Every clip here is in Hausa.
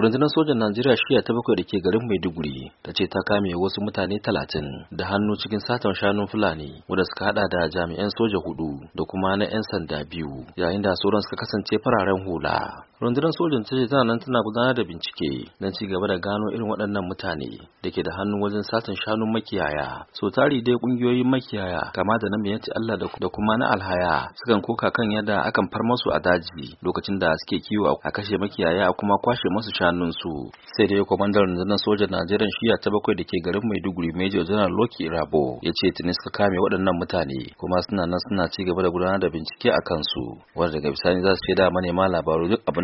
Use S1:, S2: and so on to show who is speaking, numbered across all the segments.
S1: rundunar sojan najeriya shiya ta bakwai da ke garin maiduguri ta ce ta kame wasu mutane talatin da hannu cikin satan shanun fulani wanda suka hada da jami'an soja hudu da kuma na 'yan sanda biyu yayin da sauran suka kasance fararen hula rundunar sojin ta ce tana nan tana gudanar da bincike don ci gaba da gano irin waɗannan mutane da ke da hannu wajen satin shanun makiyaya so tari dai ƙungiyoyin makiyaya kama da na miyanci Allah da kuma na alhaya sukan koka kan yadda akan far masu a daji lokacin da suke kiwo a kashe makiyaya a kuma kwashe masu shanun su sai dai kwamandan rundunar sojan Najeriya shiya ta bakwai da ke garin Maiduguri Major General Loki Rabo ya ce tuni suka kame waɗannan mutane kuma suna nan suna ci gaba da gudanar da bincike a kansu wanda daga bisani za su shaida manema labaru duk abin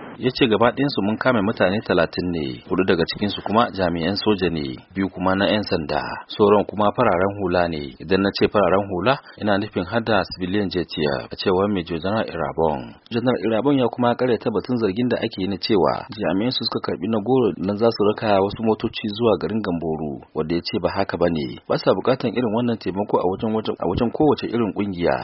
S1: ya ce gaba su mun kame mutane talatin ne hudu daga cikinsu kuma jami'an soja ne biyu kuma na 'yan sanda sauran kuma fararen hula ne idan na ce fararen hula ina nufin hada civilian jetiya a cewar major general irabon general irabon ya kuma ta batun zargin da ake yi na cewa jami'an su suka karbi na goro na za su raka wasu motoci zuwa garin gamboru wanda ya ce ba haka ba ne ba sa bukatan irin wannan taimako a wajen kowace irin kungiya.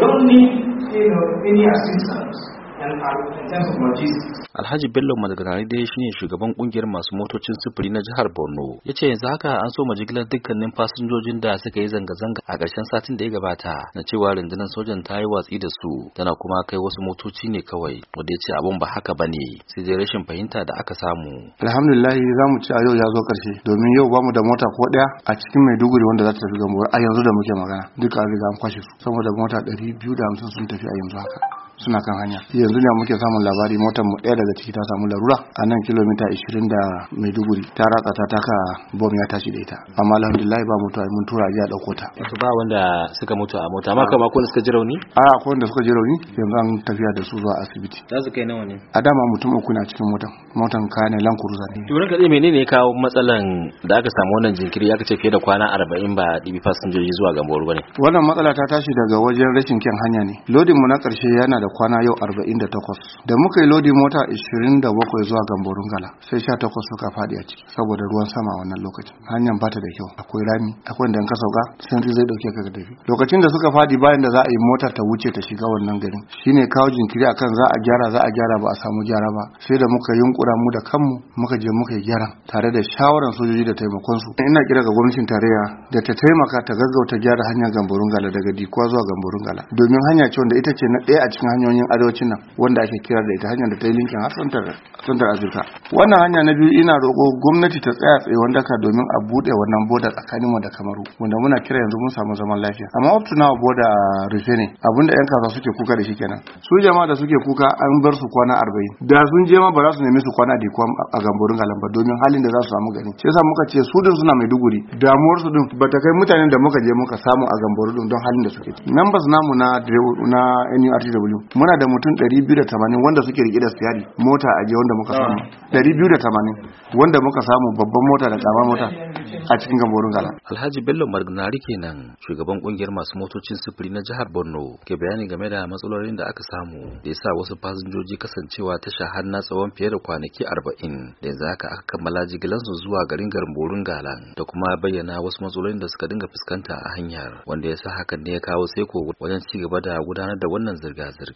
S2: don't need, you know, any assistance. Alhaji
S1: Bello Madaganari dai ne shugaban kungiyar masu motocin sufuri na jihar Borno. Ya ce yanzu haka an so majigilar dukkanin fasinjojin da suka yi zanga-zanga a ƙarshen satin da ya gabata na cewa rundunar sojan ta yi watsi da su tana kuma kai wasu motoci ne kawai wanda ya ce abun ba haka ba ne. sai dai rashin fahimta da aka samu.
S2: Alhamdulillah za mu ci a yau ya zo ƙarshe domin yau ba mu da mota ko ɗaya a cikin Maiduguri wanda za ta tafi Gambo a yanzu da muke magana Duk an riga an kwashe su sama da mota ɗari biyu da hamsin sun tafi a yanzu haka. suna kan hanya yanzu ne muke samun labari motar mu ɗaya daga ciki ta samu larura a nan kilomita 20 da maiduguri ta ratsa ta taka bom ya tashi da ita amma alhamdulillah ba mutuwa mun tura ji a ɗauko ta
S1: ba wanda suka mutu a mota amma kamar ko suka ji rauni a ko wanda
S2: suka ji rauni yanzu an tafiya da su zuwa asibiti
S1: za su kai nawa ne
S2: a dama mutum uku na cikin motan motan kaya ne lan kuruza ne to
S1: ranka dai menene ya kawo matsalan da aka samu wannan jinkiri ya kace fiye da kwana 40 ba dibi fasinjoji zuwa gambo ruwa ne
S2: wannan matsala ta tashi daga wajen rashin kyan hanya ne lodin mu na karshe yana da da kwana yau 48 da muka yi lodi mota 27 zuwa gamborun gala sai 18 suka faɗi a ciki saboda ruwan sama wannan lokacin hanyar bata da kyau akwai rami akwai da ka sauka sanri zai dauke ka tafi lokacin da suka fadi bayan da za a yi mota ta wuce ta shiga wannan garin shine kawo jinkiri akan za a gyara za a gyara ba a samu gyara ba sai da muka yunkura mu da kanmu muka je muka yi gyara tare da shawaran sojoji da taimakon su ina kira ga gwamnatin tarayya da ta taimaka ta gaggauta gyara hanyar gamborin gala daga dikuwa zuwa gamborin gala domin hanya ce wanda ita ce na ɗaya a cikin hanyoyin arewacin nan wanda ake kira da ita hanyar da ta yi linkin har santar wannan hanya na biyu ina roƙo gwamnati ta tsaya tsaye daka domin a buɗe wannan boda tsakanin mu da kamaru wanda muna kira yanzu mun samu zaman lafiya amma up to now boda rufe ne abinda yan kasuwa suke kuka da shi kenan su jama'a da suke kuka an bar su kwana arba'in da sun je ma ba za su nemi su kwana da a gamborin galan ba domin halin da za su samu gani sai sa muka ce su din suna maiduguri damuwar su din ba ta kai mutanen da muka je muka samu a gamborin don halin da suke numbers namu na na NURTW muna da mutum 280 wanda suke rike da siyari mota a wanda muka ah. samu 280 wanda muka samu babban mota da kama mota a cikin gamborin gala
S1: alhaji bello margnari kenan shugaban kungiyar masu motocin sufuri na jihar borno ke bayani game da matsalolin da aka samu da sa wasu fasinjoji kasancewa ta har na tsawon fiye da kwanaki 40 da yanzu aka kammala su zuwa garin gamborin gala da kuma bayyana wasu matsalolin da suka dinga fuskanta a hanyar wanda ya sa hakan ne ya kawo sai seko wajen ci gaba da gudanar da wannan zirga-zirga